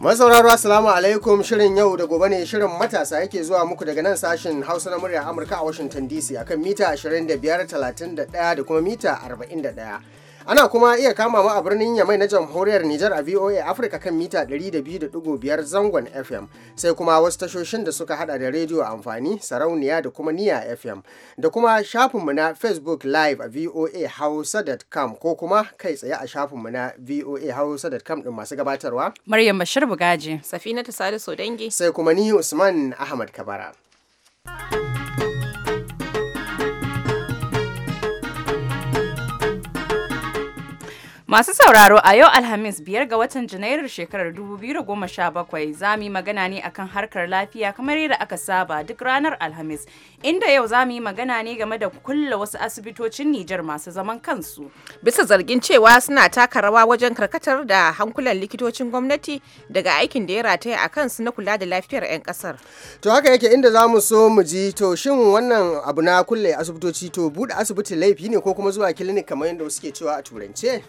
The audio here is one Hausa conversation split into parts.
masauraro assalamu alaikum shirin yau da gobe ne shirin matasa yake zuwa muku daga nan sashen hausa na murya amurka a washington dc akan mita 25 31 da kuma mita 41 Ana kuma iya kama mu a birnin Yamai na jamhuriyar Nijar a VOA Africa kan mita 200.5 zangon FM sai kuma wasu tashoshin da suka hada da rediyo amfani sarauniya da kuma niya FM da kuma shafinmu na Facebook Live a VOA Hausa.com ko kuma kai tsaye a shafinmu na VOA Hausa.com din masu gabatarwa. Maryam Bashir Bugaji. Safina Tasadu Sai kuma ni Usman Ahmad Kabara. Masu sauraro a yau Alhamis biyar ga watan janairun shekarar 2017 za mu yi magana ne akan harkar lafiya kamar yadda aka saba duk ranar Alhamis inda yau za mu yi magana ne game da kulla wasu asibitocin Nijar masu zaman kansu. Bisa zargin cewa suna taka rawa wajen karkatar da hankulan likitocin gwamnati daga aikin da ya rataya a kansu na kula da lafiyar 'yan kasar. To haka yake inda za mu so mu ji to shin wannan abu na kulle asibitoci to bude asibiti laifi ne ko kuma zuwa kilinik kamar yadda suke cewa a turance?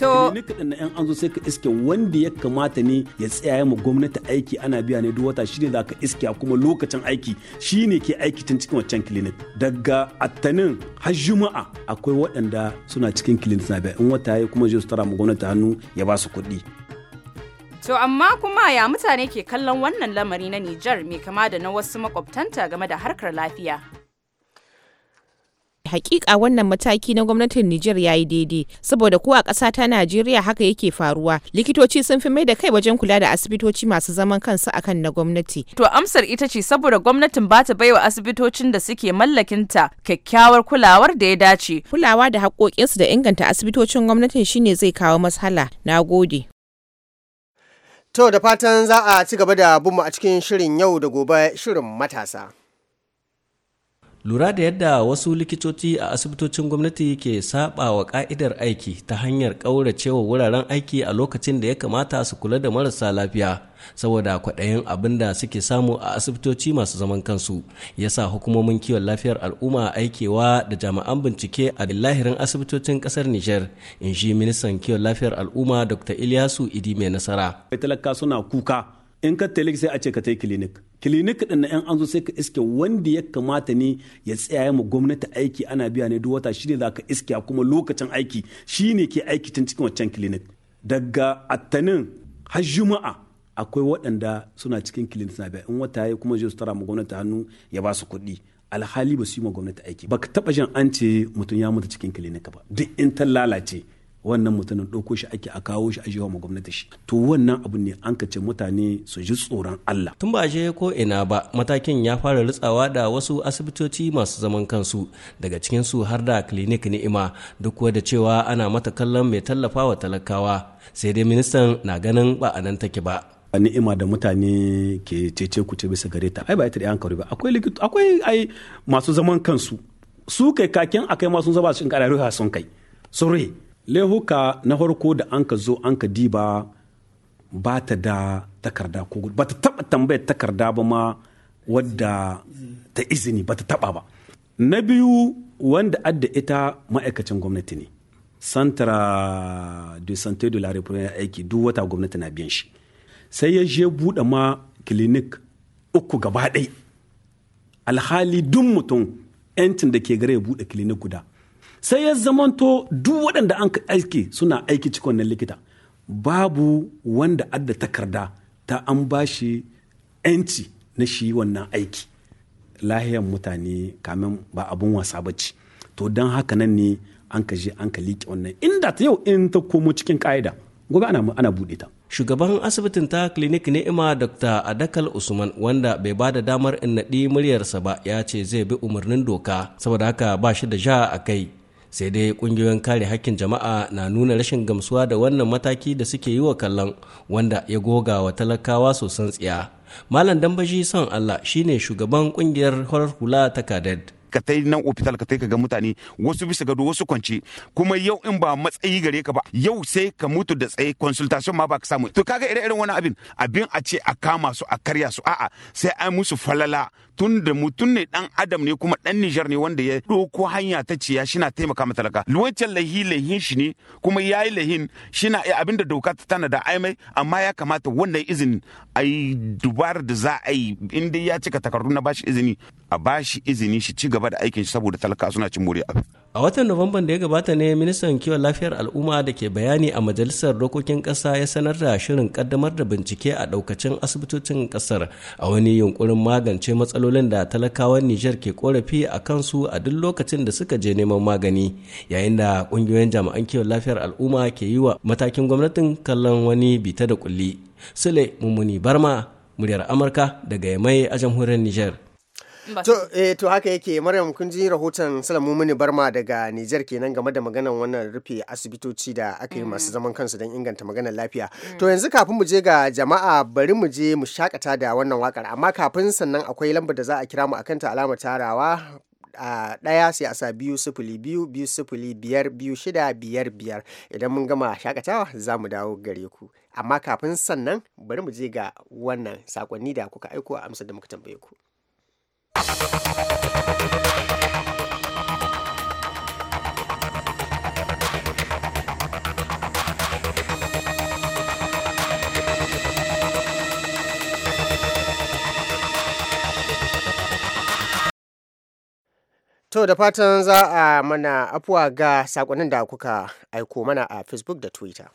so ne kaɗan na yan anzo sai ka iske wanda ya kamata ne ya tsaya ma gwamnati aiki ana biya ne duk wata shine za ka iske kuma lokacin aiki shine ke aiki tun cikin wancan clinic daga attanin har juma'a akwai waɗanda suna cikin clinic na biya in wata ya kuma zai tara ma gwamnati hannu ya ba su kuɗi To amma kuma ya mutane ke kallon wannan lamari na Nijar mai kama da na wasu makwabtanta game da harkar lafiya. hakika wannan mataki na gwamnatin Nijar ya yi daidai saboda ko a ƙasa ta Najeriya haka yake faruwa likitoci sun fi mai da kai wajen kula da asibitoci masu zaman kansu akan na gwamnati. To amsar ita ce saboda gwamnatin ba ta baiwa asibitocin da suke mallakinta kyakkyawar kulawar da ya dace. Kulawa da haƙoƙinsu da inganta asibitocin gwamnatin shine zai kawo mashala. nagode. To da fatan za a ci gaba da bin mu a cikin shirin yau da gobe shirin matasa. lura da yadda wasu likitoci a asibitocin gwamnati ke saba wa ka'idar aiki ta hanyar ƙauracewa wuraren aiki a lokacin da ya kamata su kula da marasa lafiya saboda kwaɗayin abin da suke samu a asibitoci masu zaman kansu ya sa hukumomin kiwon lafiyar al'umma aikewa da jami'an bincike a lahirin asibitocin ƙasar niger in ji ministan kiwon lafiyar al'umma dr ilyasu idi mai nasara talaka suna kuka in ka telik sai a ce ka tai clinic ɗin na yan an zo sai ka iske wanda ya kamata ne ya tsaya ma gwamnati aiki ana biya ne duk wata shine zaka iske kuma lokacin aiki shine ke aiki tun cikin wancan clinic daga attanin har juma'a akwai waɗanda suna cikin clinic na biya in wata ya kuma zai su tara ma gwamnati hannu ya ba su kuɗi alhali ba su yi ma gwamnati aiki baka taba jin an ce mutum ya mutu cikin clinic ba duk in ta lalace wannan mutumin ɗauko shi ake a kawo shi a jiwa gwamnati shi to wannan abu ne an ce mutane su ji tsoron Allah tun ba je ko ina ba matakin ya fara ritsawa da wasu asibitoci masu zaman kansu daga cikin su har da clinic ni'ima duk da cewa ana mata kallon mai tallafa wa talakawa sai dai ministan na ganin ba a nan take ba ni'ima da mutane ke cece ku ce bisa gare ta ai ba ita da yankari ba akwai likita akwai ai masu zaman kansu su kai kakin akai masu sun zaba sun kararuha sun kai sun laihuka na farko da an ka zo an ka diba ba ta da takarda ko ba ta taba tambayar takarda ba ma wadda ta izini ba ta taba ba na biyu wanda adda ita ma'aikacin gwamnati ne santara de santé de la republique aiki duk wata gwamnati na biyan shi sai ya je buɗe ma clinic uku gaba ɗaya alhali duk mutum 'yancin da ke gare ya buɗe clinic guda sai ya zamanto duk waɗanda an aiki suna aiki cikin wannan likita babu wanda adda takarda ta an ba shi 'yanci na shi wannan aiki lahiyan mutane kamin ba abun wasa ba ce to don haka nan ne an ka je an ka liƙe wannan inda ta yau in ta komo cikin ka'ida gobe ana buɗe ta shugaban asibitin ta clinic ni'ima dr adakal usman wanda bai ba da damar in naɗi muryarsa ba ya ce zai bi umarnin doka saboda haka ba shi da ja a kai sai dai kungiyoyin kare hakkin jama'a na nuna rashin gamsuwa da wannan mataki da suke yi wa kallon wanda ya goga wa talakawa sosan tsiya malam dambashi son allah shine shugaban kungiyar horar hula ta kadad ka tai nan ofital ka tai ka ga mutane wasu bisa gado wasu kwance kuma yau in ba matsayi gare ka ba yau sai ka mutu da tsaye consultation ma ba ka samu to kaga ire iren wani abin abin a ce a kama su a karya su a'a sai an musu falala tun da mutum ne dan adam ne kuma dan Nijar ne wanda ya doko hanya ta ciya shina taimaka mata talaka wancan lahi lahin shi ne kuma ya yayi lahin shina eh, abin da doka ta tana da aimai amma ya kamata wannan izinin ai dubar da za a yi in ya cika takardu na bashi izini a ba shi izini shi ci gaba da aikin shi saboda talaka suna cin muriya. a watan nuwamban da ya gabata ne ministan kiwon lafiyar al'umma da ke bayani a majalisar dokokin kasa ya sanar da shirin kaddamar da bincike a daukacin asibitocin kasar a wani yunkurin magance matsalolin da talakawan nijar ke korafi a kansu a duk lokacin da suka je neman magani yayin da kungiyoyin jami'an kiwon lafiyar al'umma ke yi wa matakin gwamnatin kallon wani bita da kulli sule mummuni barma muryar amurka daga yamai a jamhuriyar nijar To, eh, to haka yake Maryam kun ji rahoton Salamu Mini Barma daga Nijar kenan game da maganar wannan rufe asibitoci da aka yi masu mm. zaman kansu don inganta maganar lafiya. Mm. To yanzu kafin mu je ga jama'a bari mu je mu shakata da wannan wakar amma kafin sannan akwai lambar da za a kira mu akan ta alamar tarawa a daya sai a sa biyu sifili biyu biyu sifili biyar biyu shida biyar biyar idan mun gama shakatawa za mu dawo gare ku amma kafin sannan bari mu je ga wannan sakonni da kuka aiko a amsar da muka tambaye ku. To da fatan za a mana afuwa ga sakonnin da kuka aiko mana a Facebook da Twitter.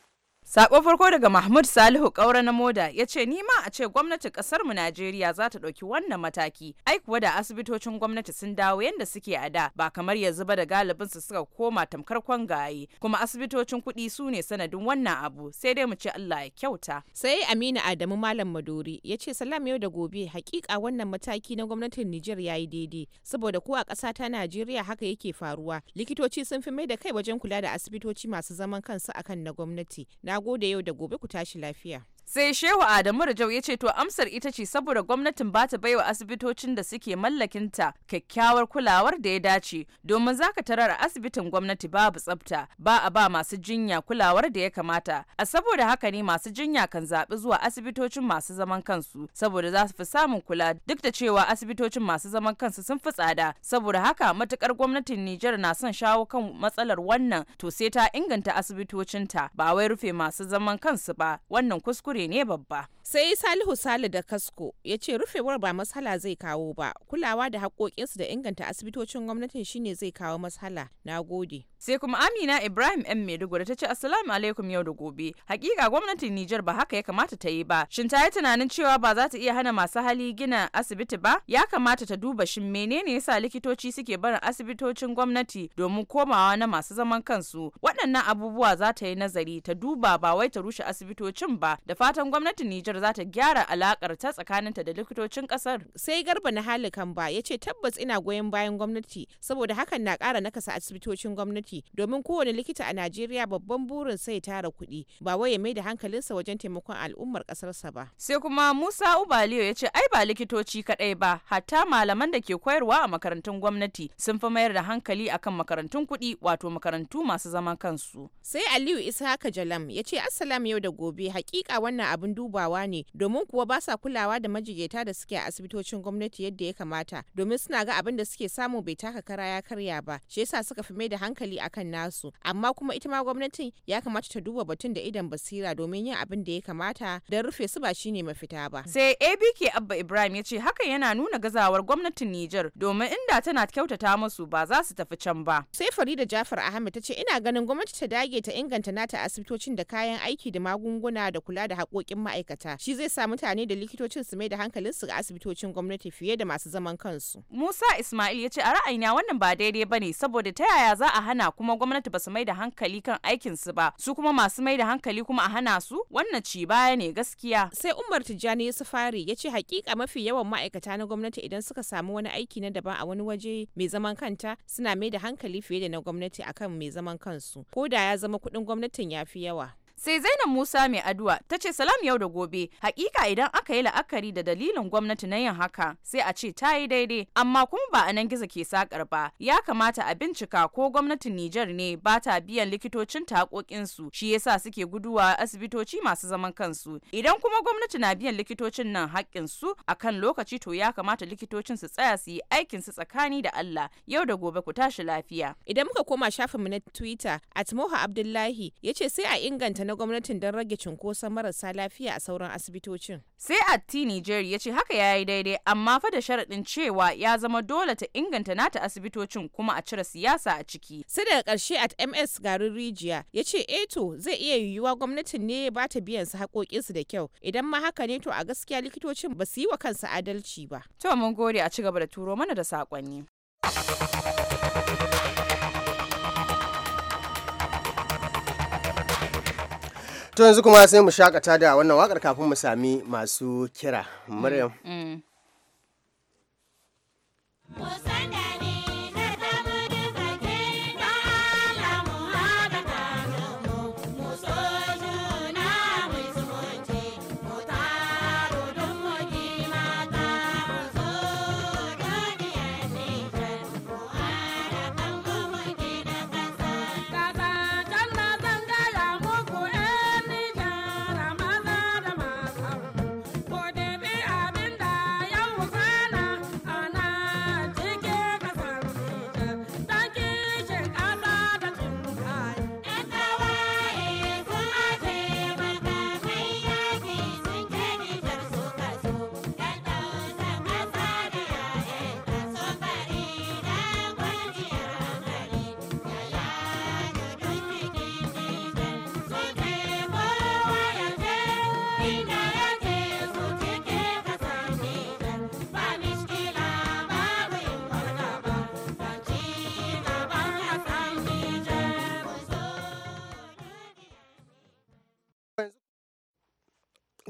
Sakon farko daga Mahmud Salihu Kaura na Moda ya ce ni ma a ce gwamnatin kasar mu Najeriya za ta dauki wannan mataki. Ai kuwa da asibitocin gwamnati sun dawo yanda suke a da ba kamar yanzu ba da galibin su suka koma tamkar kwangaye kuma asibitocin kuɗi su ne sanadin wannan abu sai dai mu ce Allah ya kyauta. Sai Aminu Adamu Malam Maduri ya ce salam yau da gobe hakika wannan mataki na gwamnatin Niger ya yi daidai saboda ko a ƙasa ta Najeriya haka yake faruwa likitoci sun fi mai da kai wajen kula da asibitoci masu zaman kansu akan na gwamnati. Na Na gode yau da gobe ku tashi lafiya. sai shehu adamu rajau ya ce to amsar ita ce saboda gwamnatin ba ta baiwa asibitocin da suke mallakinta kyakkyawar kulawar da ya dace domin za ka tarar a asibitin gwamnati babu tsabta ba a ba masu jinya kulawar da ya kamata a saboda haka ne masu jinya kan zaɓi zuwa asibitocin masu zaman kansu saboda za su fi samun kula duk da cewa asibitocin masu zaman kansu sun fi tsada saboda haka matukar gwamnatin Nijar na son shawo kan matsalar wannan to sai ta inganta asibitocinta ba wai rufe masu zaman kansu ba wannan kuskure kuskure ne babba. sai salihu sale da kasko ya ce rufewar ba matsala zai kawo ba kulawa da haƙoƙinsu da inganta asibitocin gwamnatin shine zai kawo matsala na gode sai kuma amina ibrahim m. maiduguri ta ce assalamu alaikum yau da gobe hakika gwamnatin nijar ba haka ya kamata ta yi ba shin ta yi tunanin cewa ba za ta iya hana masu hali gina asibiti ba ya kamata ta duba shin menene yasa likitoci suke barin asibitocin gwamnati domin komawa na masu zaman kansu waɗannan abubuwa za ta yi nazari ta duba ba wai ta rushe asibitocin ba da fatan gwamnatin nijar Nijar za ta gyara alakar ta tsakaninta da likitocin kasar. Sai Garba na halikan ba ya ce tabbas ina goyon bayan gwamnati saboda hakan na kara nakasa asibitocin gwamnati domin kowane likita a Najeriya babban burin sai tara kuɗi ba wai ya mai da hankalinsa wajen taimakon al'ummar kasarsa ba. Sai kuma Musa Ubaliyo ya ce ai ba likitoci kaɗai ba hatta malaman da ke koyarwa a makarantun gwamnati sun fi mayar da hankali akan makarantun kuɗi wato makarantu masu zaman kansu. Sai Aliyu Isa Jalam ya ce assalamu yau da gobe hakika wannan abin dubawa ne domin kuwa ba sa kulawa da majigeta da suke a asibitocin gwamnati yadda ya kamata domin suna ga abin da suke samu bai taka kara ya karya ba shi yasa suka fi mai da hankali akan nasu amma kuma ita ma gwamnatin ya kamata ta duba batun da idan basira domin yin abin da ya kamata don rufe su ba shine mafita ba sai abk abba ibrahim ya ce hakan yana nuna gazawar gwamnatin niger domin inda tana kyautata musu ba za su tafi can ba sai farida jafar ahmed ta ce ina ganin gwamnati ta dage ta inganta nata asibitocin da kayan aiki da magunguna da kula da haƙoƙin ma'aikata shi zai sa mutane da likitocin su mai da su ga asibitocin gwamnati fiye da masu zaman kansu. Musa Ismail ya ce a ra'ayina wannan ba daidai ba ne saboda ta yaya za a hana kuma gwamnati ba su mai da hankali kan aikinsu ba su kuma masu mai da hankali kuma a hana su wannan ci baya ne gaskiya. Sai Umar Tijjani Yusufari ya ce hakika mafi yawan ma'aikata na gwamnati idan suka samu wani aiki na daban a wani waje mai zaman kanta suna mai da hankali fiye da na gwamnati akan mai zaman kansu ko da ya zama kuɗin gwamnatin ya fi yawa. sai zainab musa mai addu'a ta ce salam yau da gobe hakika idan aka yi la'akari da dalilin gwamnati na yin haka sai a ce ta yi daidai amma kuma ba a nan gizo ke sakar ba ya kamata a bincika ko gwamnatin nijar ne ba ta biyan likitocin ta su shi yasa suke guduwa asibitoci masu zaman kansu idan kuma gwamnati na biyan likitocin nan haƙƙinsu a kan lokaci to ya kamata likitocin su tsaya su yi aikin su tsakani da Allah yau da gobe ku tashi lafiya idan muka koma shafinmu na Twitter at moha Abdullahi ya ce sai a inganta na gwamnatin don rage cunkoson marasa lafiya a sauran asibitocin. Sai Atti Niger ya ce haka ya yi daidai amma fa da sharaɗin cewa ya zama dole ta inganta nata asibitocin kuma a cire siyasa a ciki. Sai daga ƙarshe at MS garin Rijiya ya ce eto eh zai iya yiwuwa gwamnatin ne ba ta biyan su haƙoƙinsu da kyau idan ma haka ne to a gaskiya likitocin ba su yi wa kansu adalci ba. To mun gode a ci gaba da turo mana da saƙonni. to yanzu kuma sai mu shakata da wannan wakar kafin mu sami masu kira maryam mm. mm.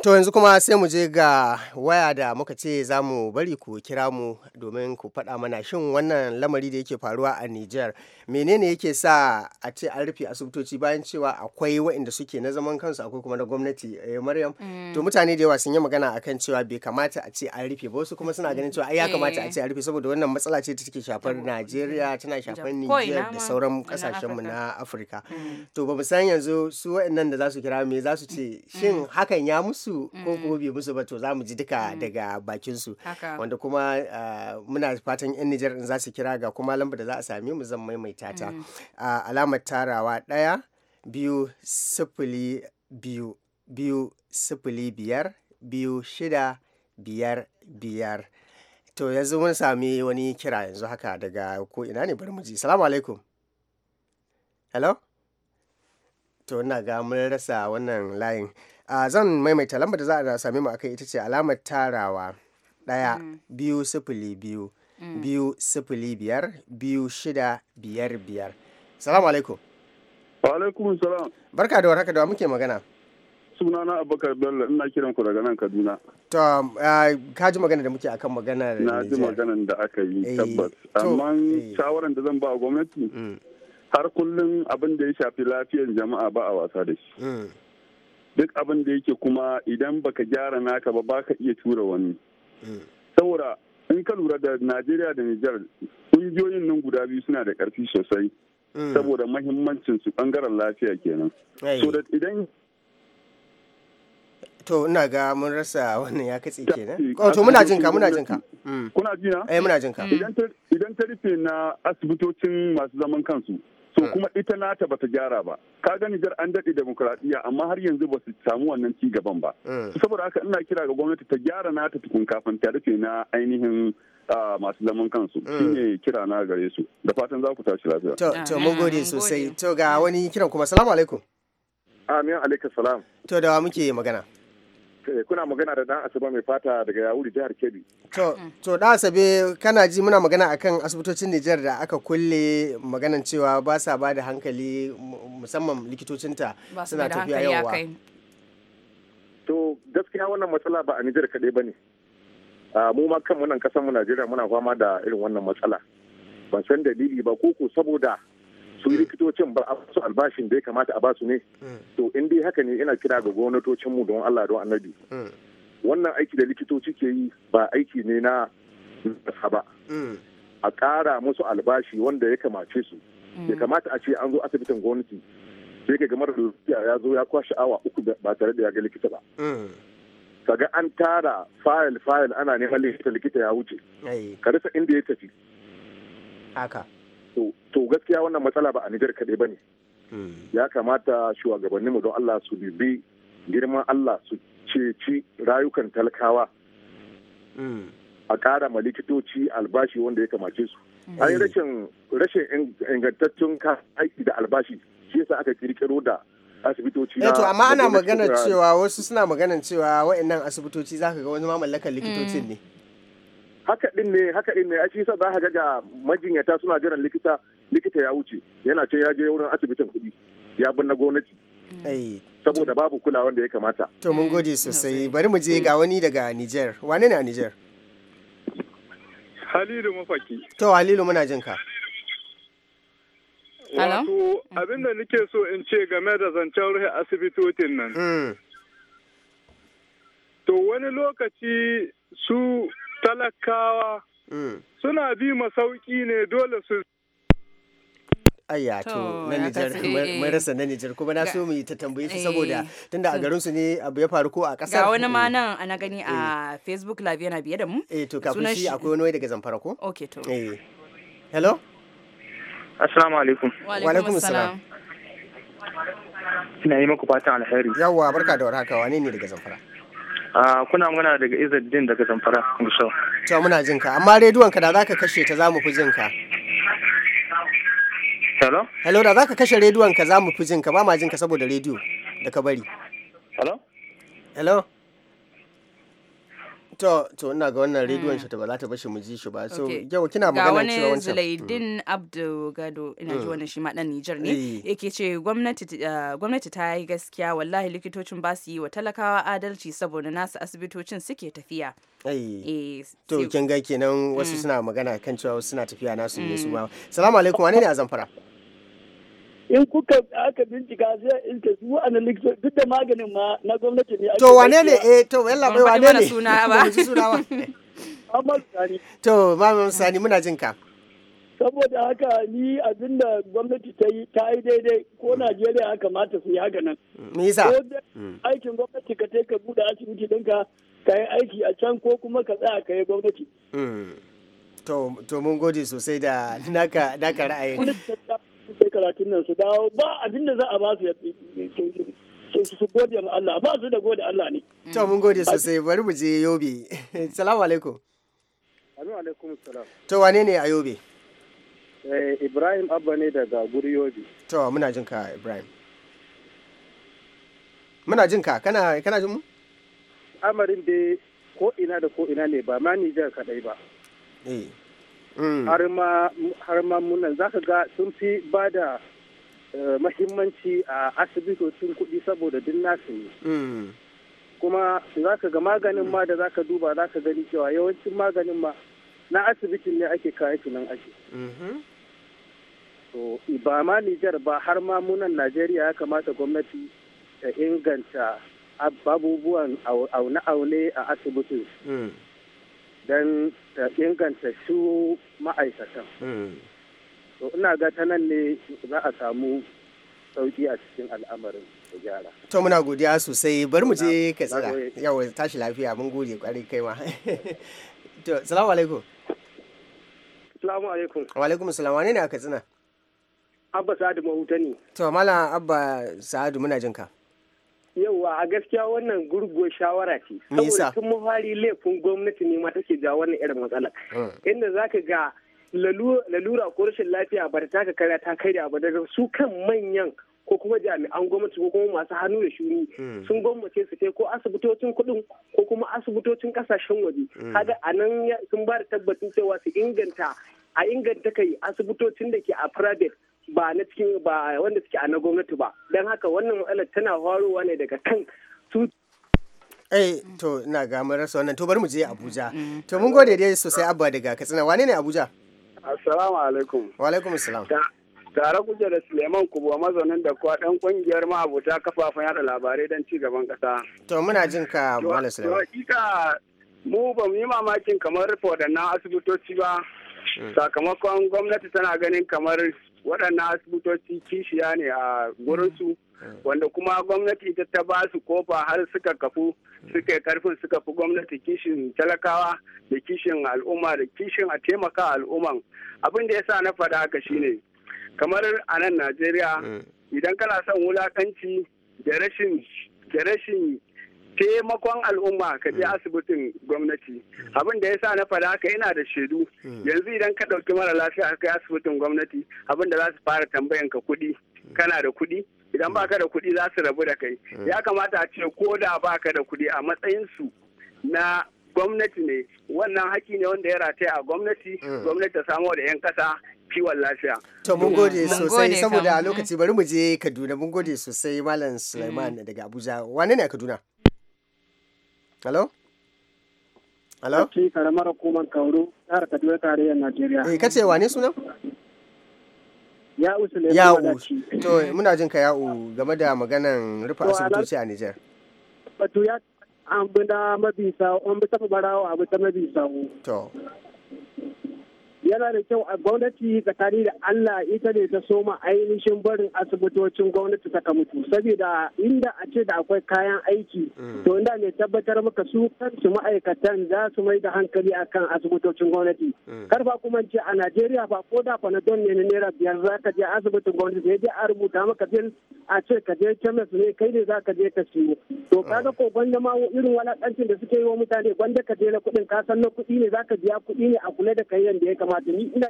To yanzu kuma sai mu je ga waya da muka ce za mu bari ku kira mu domin ku faɗa mana shin wannan lamari da yake faruwa a Nijar menene yake sa a ce an rufe asibitoci bayan cewa akwai waɗanda suke na zaman kansu akwai kuma na gwamnati eh, Maryam mm. to mutane da yawa sun yi magana akan cewa bai kamata a ce an rufe ba wasu kuma suna ganin cewa ai ya kamata a eh. ce an rufe saboda wannan matsala ce ta take shafar Najeriya tana shafar Nijar da sauran kasashen mu na Afirka mm. to ba mu san yanzu su waɗannan da za su kira me za su ce mm. shin hakan ya musu su mm. ko kuma bai musu ba to za mu ji duka mm. daga bakin su wanda kuma ah, muna fatan yan Nijar in za su kira ga kuma lambar da za a sami mu zan maimaita ta mm. ah, alamar tarawa ɗaya biyu sifili biyu biyu sifili biyar biyu shida biyar biyar to yanzu mun sami wani kira yanzu haka daga ko ina ne bari mu ji salamu alaikum hello to ina ga mun rasa wannan layin zan maimaita lambar da za a same mu akai ita ce alamar tarawa ɗaya mm. biyu sifili biyu mm. biyu sifili biyar biyu shida biyar biyar salamu alaikum wa alaikum salam barka da warhaka da muke magana Suna na abubakar bello ina kiran ku daga nan kaduna to ka ji magana da muke akan maganar na ji maganar da aka yi eh, tabbas amma eh. shawaran da zan ba gwamnati mm. har kullum abin da ya shafi lafiyar jama'a ba a wasa da shi duk abin da yake kuma idan baka gyara naka ba baka iya tura wani saboda in ka lura da najeriya da nijar kungiyoyin nan guda biyu suna da ƙarfi sosai mm. saboda mahimmancin su bangaren lafiya kenan so da idan to ina ga mun rasa wannan ya katse kenan oh, to muna jinka muna jinka kuna jina eh muna jinka idan ta rufe na asibitocin masu zaman kansu so hmm. kuma ita nata bata gyara ba ka gani jar an daɗe demokuraɗiyya amma har yanzu ba su samu wannan ci gaban ba hmm. saboda haka ina kira ga gwamnati ta gyara nata tukun kafin ta rufe na ainihin ah, masu zaman kansu hmm. shine kira na gare su da fatan za ku tashi lafiya to mun gode sosai to ga wani kiran kuma assalamu alaikum amin alaikum salam to da muke magana Eh, kuna magana da dan asabe mai fata daga yawuri jihar kebbi to to dan asabe kana ji muna magana akan asibitocin nijar da aka kulle maganan cewa ba sa ba da hankali musamman likitocinta suna tafiya yawa to gaskiya wannan matsala ba a nijar kaɗai ba ne mu ma kan wannan kasar mu najeriya muna fama da irin wannan matsala ban san dalili ba ko ko saboda su likitocin ba a su albashin da ya kamata a basu ne to in dai haka ne ina kira ga gwamnatocinmu don Allah don annabi wannan aiki da likitoci ke yi ba aiki ne na nasa ba a ƙara musu albashi wanda ya kamace su ya mm. kamata a ce an zo asibitin gwamnati sai ka gamar da ya zo ya kwashe awa uku ba tare da ya ga likita ba kaga an tara fayil fayil ana neman likita likita ya wuce ka rasa inda ya tafi to gaskiya wannan matsala ba a Nijar kaɗai ba ne. Hmm. Ya kamata shugabanninmu don Allah su bibi girman Allah su ceci rayukan talakawa. Hmm. A ƙara ma likitoci albashi wanda ya kamace su. Hmm. An yi rashin ingantaccen aiki da albashi shi yasa aka kirkiro da asibitoci eh, na amma ana magana cewa wasu suna maganar cewa wa'annan asibitoci zaka ga wani ma mallakar likitocin ne. haka din ne haka din ne shi sa za ka ga majinyata suna jiran likita likita ya wuce yana ce ya je wurin asibitin kuɗi ya bin na gwamnati saboda babu kulawan da ya kamata to mun gode sosai bari mu je ga wani daga Niger wane ne a Niger Halilu mafaki to Halilu muna jin ka Wato mm. abinda nake so in ce game da zancen ruhi asibitocin nan. Mm. To wani lokaci su talakawa mm. suna bi masauki ne dole su ayyato na Nijar mai rasa na Nijar kuma na so mai ta tambaye su eh, saboda tunda a garinsu ne abu ya faru ko a kasar ga wani ma eh. nan ana gani a eh. Facebook live yana biye da mu eh to kafin shi akwai wani daga Zamfara ko okay to eh hello assalamu alaikum wa alaikum assalam ina yi muku fatan alheri yawwa barka da warhaka wani ne daga Zamfara kuna muna daga Izzaddin daga Zamfara Gusau. To muna jin ka amma rediyon ka da zaka kashe ta zamu fi jin ka. Hello? Hello da zaka kashe rediyon ka zamu fi jin ka ba ma jin ka saboda rediyo da ka bari. Hello? Hello? To, to ina ga wannan rediyon eh. shi ta ba za ta bashi mu ji shi ba. So, yau kina magana cewa wancan. Ga wani Zulaidin mm. abdulgado Gado ina ji mm. wannan shi ma dan Niger ne. Eh. Yake ce gwamnati eh, gwamnati ta yi gaskiya wallahi likitocin ba su yi wa talakawa adalci saboda nasu asibitocin suke tafiya. to kin ga kenan wasu mm. suna magana kan cewa wasu suna tafiya nasu ne su ba. Salamu alaikum wane ne a Zamfara? in kuka aka bincika sai in ta su ana likita duk da maganin ma na gwamnati ne to wane ne eh to yalla bai wane ne suna ba suna ba Muhammad Sani to Muhammad Sani muna jin ka saboda haka ni abinda gwamnati ta yi ta yi daidai ko mm. Najeriya aka mata su yi haka nan mm, me yasa mm. aikin gwamnati ka ka bude asibiti ɗinka ka yi aiki a can ko kuma ka tsaya ka yi gwamnati to mun gode sosai da naka ra'ayin suke karatun nan su dawo ba abin da za a ba su su gode ma Allah ba su da gode Allah ne. To mun gode sosai bari mu je Yobe. Salamu alaikum. alaikum salam. To wane ne a Yobe? Eh, Ibrahim Abba ne daga guri Yobe. To muna jin ka Ibrahim. Muna jin ka kana kana jin mu? Amarin dai ko ina da ko ina ne ba ma Nijar kadai ba. Eh. Mm. har ma munan za ka ga sun fi ba da eh, mahimmanci a asibitocin kuɗi saboda din nasu ne mm. kuma za ka ga maganin ma da za ka duba za ka gani cewa yawancin maganin ma na asibitin ne ake kayan tunan ake ba ma Nijar ba har ma munan Najeriya ya kamata gwamnati ta inganta abubuwan aune-aune a asibitin mm. don inganta su ma'aikatan. Hmm. To ina ga ta nan ne za a samu sauki a cikin al'amarin da gyara. To muna godiya sosai bari mu je ka tsira yawa tashi lafiya mun gode kwarai kai ma. To salamu alaikum. Salamu alaikum. Wa alaikum salam wane ne aka tsina? Abba Sa'adu Mahuta ne. To mala Abba Sa'adu muna jin ka. yauwa a gaskiya wannan gurguwar shawara ce saboda tun mafari laifin gwamnati ne ma take jawo wannan irin matsala hmm. inda za zaka ga lalura ko rashin lafiya ba ta taka karya ta kai da ba daga su kan manyan ko kuma jami'an gwamnati ko kuma masu hannu da shuni hmm. sun gwamnati su kai ko asibitocin kuɗin ko kuma asibitocin kasashen waje hmm. kaga a nan sun ba da tabbacin cewa su inganta a inganta kai asibitocin da ke a private ba na cikin ba wanda suke a na gwamnati ba don haka wannan matsalar tana faruwa ne daga kan su eh to ina ga mun rasa wannan to bari mu je Abuja mm, mm. to mun gode dai sosai abba daga Katsina wane ne Abuja assalamu alaikum wa alaikum assalam tare kuke da Suleiman Kubo mazaunin da kuwa dan kungiyar ma'abuta kafafen yada labarai don ci gaban kasa to muna jin ka Malam Suleiman to kika mu ba mu yi mamakin kamar waɗannan asibitoci ba mm. sakamakon gwamnati tana ganin kamar waɗannan asibitoci kishiya ne a gurinsu wanda kuma gwamnati ta ta ba su kofa har suka kafu suka karfin suka fi gwamnati kishin talakawa da kishin al'umma da kishin a taimaka al'umman abin da ya sa na faɗa haka shine kamar a nan najeriya mm. idan kana son wulakanci da rashin da taimakon al'umma ka je mm. asibitin gwamnati mm. abin da ya sa na fada haka yana da shaidu mm. yanzu idan ka ɗauki mara lafiya ka asibitin gwamnati abin da za su fara tambayan ka kuɗi kana da kuɗi idan baka da kuɗi za su rabu da kai ya kamata a ce ko da baka da kuɗi a matsayinsu na gwamnati ne wannan haƙƙi ne wanda ya rataya a gwamnati gwamnati ta samo da 'yan kasa kiwon lafiya. To mun gode sosai saboda lokaci bari mu je Kaduna mun gode sosai Malam Sulaiman daga Abuja wane ne a Kaduna? Hello? Hello? Ci karamar hukumar Kauru, ta jihar Kaduna tarayyar Najeriya. Eh, kace wane sunan? Ya'u Suleiman Ya'u. To, muna jin ka Ya'u game da maganan rufe asibitoci a Nijar. Batu ya an bi da mabisa, an bi tafi barawa, an bi ta mabisa. To. yana da kyau a gwamnati tsakani da Allah ita ne ta soma ainihin barin asibitocin gwamnati ta mutu saboda inda a ce da akwai kayan aiki mm. to inda ne tabbatar maka su kansu ma'aikatan za su mai da hankali a kan asibitocin gwamnati mm. karfa kuma ce a Najeriya ba ko da don ne na naira biyar za ka je asibitin gwamnati ya je a rubuta maka bil a ce ka je chemist ne kai ne za ka je ka siyo to kaga mm. ko gwanda ma irin walakancin da suke yi wa mutane gwanda ka je na kuɗin ka san na kuɗi ne za ka biya kuɗi ne a kula da kai da ya kamata kamata ina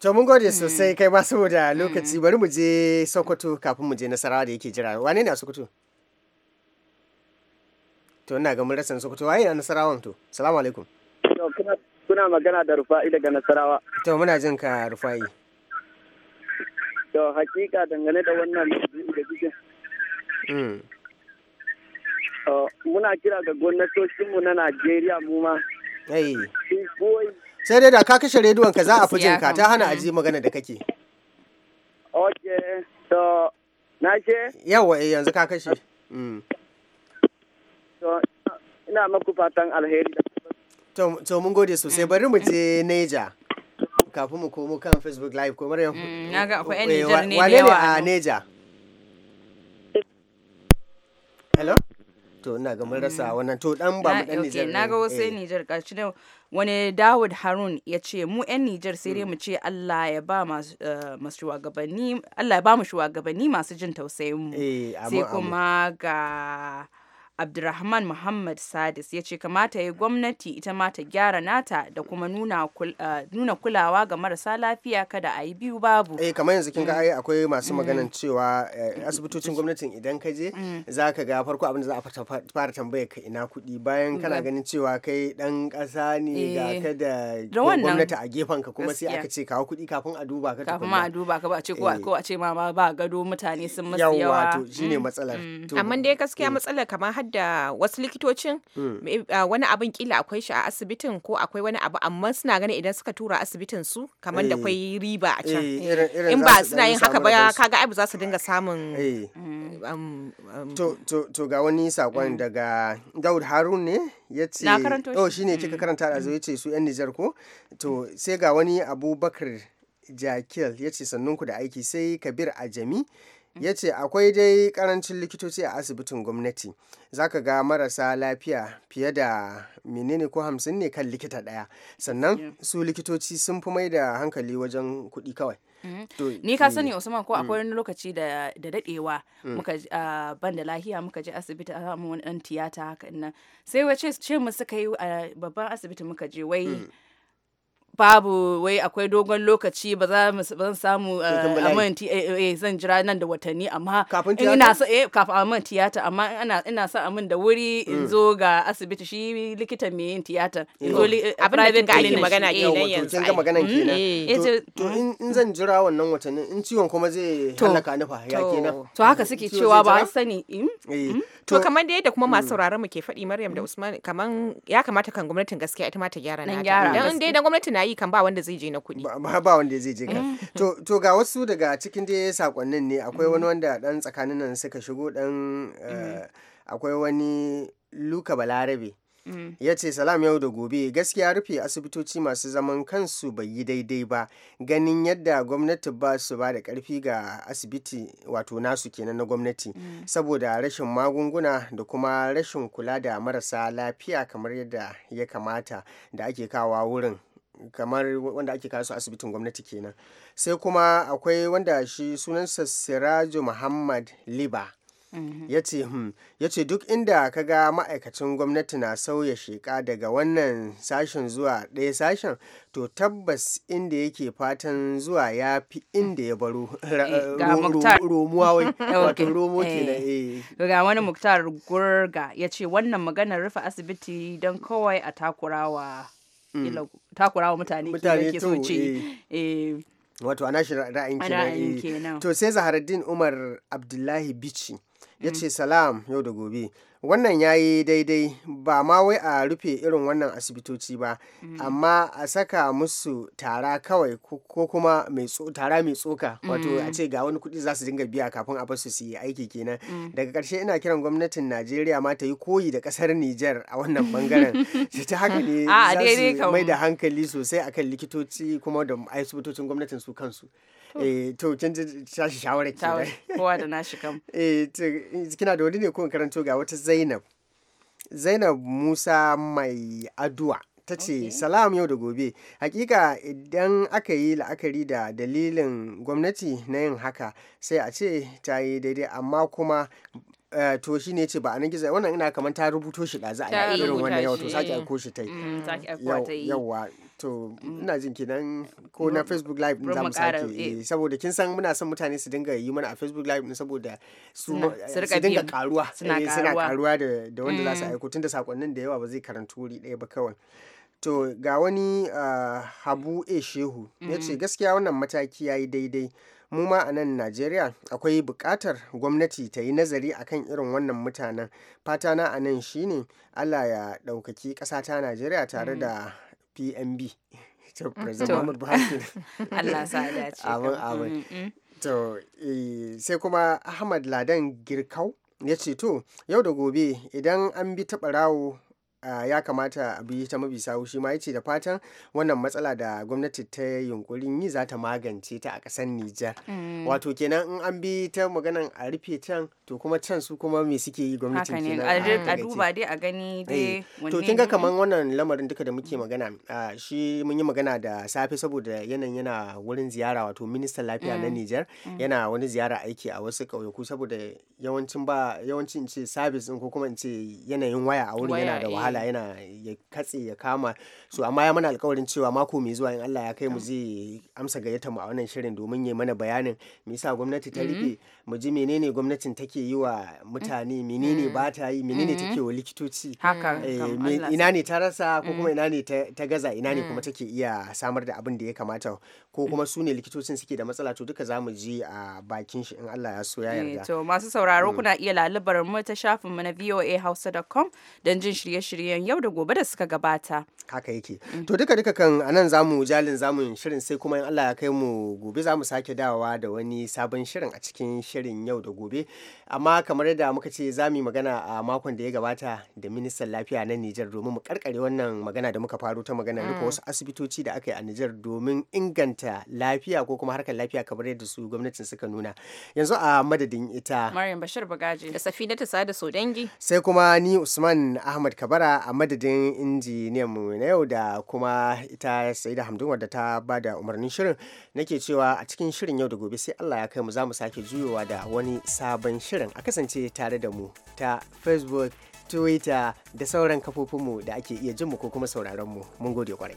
To mun gode hmm. sosai kai ba saboda hmm. lokaci bari mu je Sokoto kafin mu je Nasarawa da yake jira. Wane ne a Sokoto? To ina ga mun rasa Sokoto waye na Nasarawan to. Assalamu alaikum. To kuna kuna magana da Rufa'i daga Nasarawa. To muna jin ka Rufa'i. To hakika dangane da wannan da kike. Mm. muna kira ga gwamnatocinmu na Najeriya mu ma. Hey. Su sai dai da ka kashe rediyon ka za a fi ka ta hana aji magana da kake Oke, to, na ce yawa eh, yanzu ka kashe mm. To, ina maku fatan alheri da to mun gode sosai bari mu je neja kafin mu komo kan facebook live ko maryam mm, na ga akwai yan eh, nijar ne da yawa wane ne a neja to ina ga mun rasa mm. wannan to dan ba mu dan Nijar na ga wasu eh. Niger kashi ne wani Dawud Harun ya ce mu yan Nijar sai dai mm. mu ce Allah ya ba eh, masu shugabanni Allah ya ba mu shugabanni masu jin tausayin mu eh, sai kuma ga abdulrahman muhammad sadis ya ce kamata ya gwamnati ita ma ta gyara nata da kuma nuna, kul, uh, nuna kulawa ga marasa lafiya kada a yi biyu babu eh kamar yanzu kin ga ai akwai masu mm. maganan mm. cewa eh, asibitocin gwamnatin idan ka je mm. za ka ga farko abin da za a fara tambaya ka ina kuɗi bayan kana ganin cewa kai dan ƙasa ne ga eh. ka da gwamnati a gefen ka kuma sai aka ce kawo kuɗi kafin a duba ka kafin ma a duba ka ba a ce ko a ce ma ba gado mutane sun masu yawa to shine matsalar amma dai gaskiya matsalar kamar har da wasu likitocin hmm. wani abin kila akwai shi a asibitin ko akwai wani abu amma suna ganin idan suka tura asibitin su kamar da eh. kwai riba a can eh, in ba suna yin haka ba kaga ai ba za su dinga samun eh. mm, um, um, to ga wani sakon mm. daga Daud Harun ne ya ce oh shine kika mm. karanta da zai ce su yan Nijar ko to sai ga wani Abubakar Jakil ya ce sannunku da aiki sai Kabir Ajami ya ce akwai dai karancin likitoci a asibitin gwamnati za ka ga marasa lafiya fiye da menene ko hamsin ne kan likita ɗaya sannan su likitoci sun fi mai da hankali wajen kuɗi kawai mm-hmm. ni ka mm. sani usman ko akwai mm. wani lokaci da dadewa mm. muka ah, ban da lahiya muka je asibiti a wani dan tiyata haka sai wace ce mu suka yi babban asibiti muka je wai babu wai akwai dogon lokaci ba za mu samu amman eh, eh, eh, zan jira nan da watanni amma ina sa eh kafin amman tiyata amma ina ina sa amin da wuri in mm. zo ga asibiti shi likita me yin tiyata in zo mm. abin da kake magana kenan yanzu magana mm. kenan to in zan jira wannan watannin in ciwon kuma zai halaka ni fa ya kenan to haka suke cewa ba sani to kamar da yadda kuma masu sauraron mu ke faɗi Maryam da Usman kamar ya kamata kan gwamnatin gaskiya ita ma ta gyara na ta dan dai dan gwamnati na yi kan ba wanda zai je na kuɗi ba wanda zai je kan mm. to ga wasu daga cikin dai sakonnin ne akwai wani mm. wanda ɗan tsakanin nan suka shigo dan mm-hmm. eh, akwai wani luka balarabe mm. ya ce salam yau da gobe gaskiya rufe asibitoci masu zaman kansu bai yi daidai ba ganin yadda gwamnati ba su ba da karfi ga asibiti wato nasu kenan na gwamnati saboda rashin magunguna da kuma rashin kula da marasa lafiya kamar yadda ya kamata da ake kawa wurin kamar wanda ake kasu asibitin gwamnati kenan sai kuma akwai wanda shi sunansa siraju muhammad liba mhm. hmm, ya ce duk inda ka ga ma'aikacin gwamnati na sauya sheka daga wannan sashen zuwa ɗaya sashen to tabbas inda yake fatan zuwa ya fi inda ya baro eh, romuwa wai wato romo kenan eh. Eh. ga wani muktar gurga ya ce wannan maganar rufe asibiti don kawai a takurawa Mm. takurawa mutane ke so ce eh. eh. wato ana shi ra'ayin kenan eh. to sai zaharaddin umar abdullahi bici ya mm. ce salam yau da gobe wannan ya yi daidai ba ma wai a rufe irin wannan asibitoci ba mm. amma a saka musu tara kawai ko kuma tara mai tsoka wato a mm. ce ga wani kuɗi za su dinga biya kafin a basu su yi aiki kenan mm. daga ƙarshe ina kiran gwamnatin najeriya ma ta yi koyi da ƙasar niger a wannan bangaren ta haka ne za su mai da hankali sosai akan likitoci kuma da asibitocin gwamnatin su kansu to eh, kin ji tashi shawarar kenan kowa da nashi kam eh kina da wani ne ko karanto ga wata Zainab. Zainab Musa mai aduwa ta ce okay. salam yau da gobe hakika idan aka yi la'akari da dalilin gwamnati na yin haka sai a ce ta yi daidai amma kuma Uh, to shi ne ce ba a nan gizo wannan ina kamar ta rubuto shi ɗazu a yi irin wannan yau to sake aiko shi ta yi yawwa mm, to mm. ina jin kenan ko na facebook live din zamu sake eh. Eh, saboda kin san muna son mutane su dinga yi mana a facebook live din saboda su eh, dinga karuwa suna karuwa da wanda za su mm. aiko tunda sakonnin da yawa ba zai karantu wuri ɗaya ba kawai to ga wani ah, habu e shehu ya mm. gaskiya wannan mataki yayi daidai mu ma a nan najeriya akwai buƙatar gwamnati ta yi nazari akan irin wannan mutanen fatana a nan shine allah ya ɗaukaki ƙasata najeriya tare da pmb to mm, president muhammad buhari allah sa dace amin mm, amin mm, to sai kuma ahmad ladan girkau ya ce to yau da gobe idan an bi taɓa rawo ya kamata a bi ta mabisawu shi ma ya ce da fatan wannan matsala da gwamnati ta yunkurin yi za ta magance ta a ƙasar Nijar. Mm. Wato kenan in an bi ta maganan a rufe can to kuma can su kuma me suke yi gwamnatin kenan a duba dai a gani dai eh. to kin ga kaman wannan lamarin duka da muke magana shi mun yi magana da safe saboda yanayin yana wurin ziyara wato ministan lafiya na mm. Nijar mm. yana wani ziyara aiki a wasu ƙauyaku saboda yawancin ba yawancin ce service ko kuma in ce yanayin waya a wurin yana da wahala wahala yana ya katse ya kama so amma ya mana alkawarin cewa mako mai zuwa in Allah ya kai mu zai amsa gayyata mu a wannan shirin domin ya mana bayanin me yasa gwamnati ta mm-hmm. rike mu ji menene gwamnatin take yi wa mutane mm. menene mm. ba ta yi menene take mm-hmm. wa likitoci eh, ina ne ta rasa ko kuma mm. ina ne ta gaza ina ne kuma take iya samar da abin da ya kamata ko kuma su ne likitocin suke da matsala to duka zamu ji a bakin shi in Allah ya so ya eh, yarda to masu sauraro kuna iya lalubar mu ta shafin mu na voahausa.com don jin shirye-shirye shirye-shiryen yau da gobe da suka gabata. Haka yake. Mm. To duka duka kan anan zamu jalin zamu shirin sai kuma in Allah ya kai mu gobe zamu sake dawowa da wani sabon shirin a cikin shirin yau da gobe. Amma kamar yadda muka ce zamu yi magana a makon da ya gabata da ministan lafiya na Nijar domin mu karkare wannan magana da muka faro ta magana rufe mm. wasu asibitoci da aka yi a Nijar domin inganta lafiya ko kuma harkar lafiya kamar yadda su gwamnatin suka nuna. Yanzu a madadin ita. Maryam Bashir Bagaji da Safina ta Sada Sodangi. Sai kuma ni Usman Ahmad Kabara a madadin mu na yau da kuma ita sai da hamdun wadda ta ba da umarnin shirin nake cewa a cikin shirin yau da gobe sai allah ya kai mu za mu sake juyowa da wani sabon shirin a kasance tare da mu ta facebook twitter da sauran kafofinmu da ake iya jin mu ko kuma sauraron mu mun gode kwarai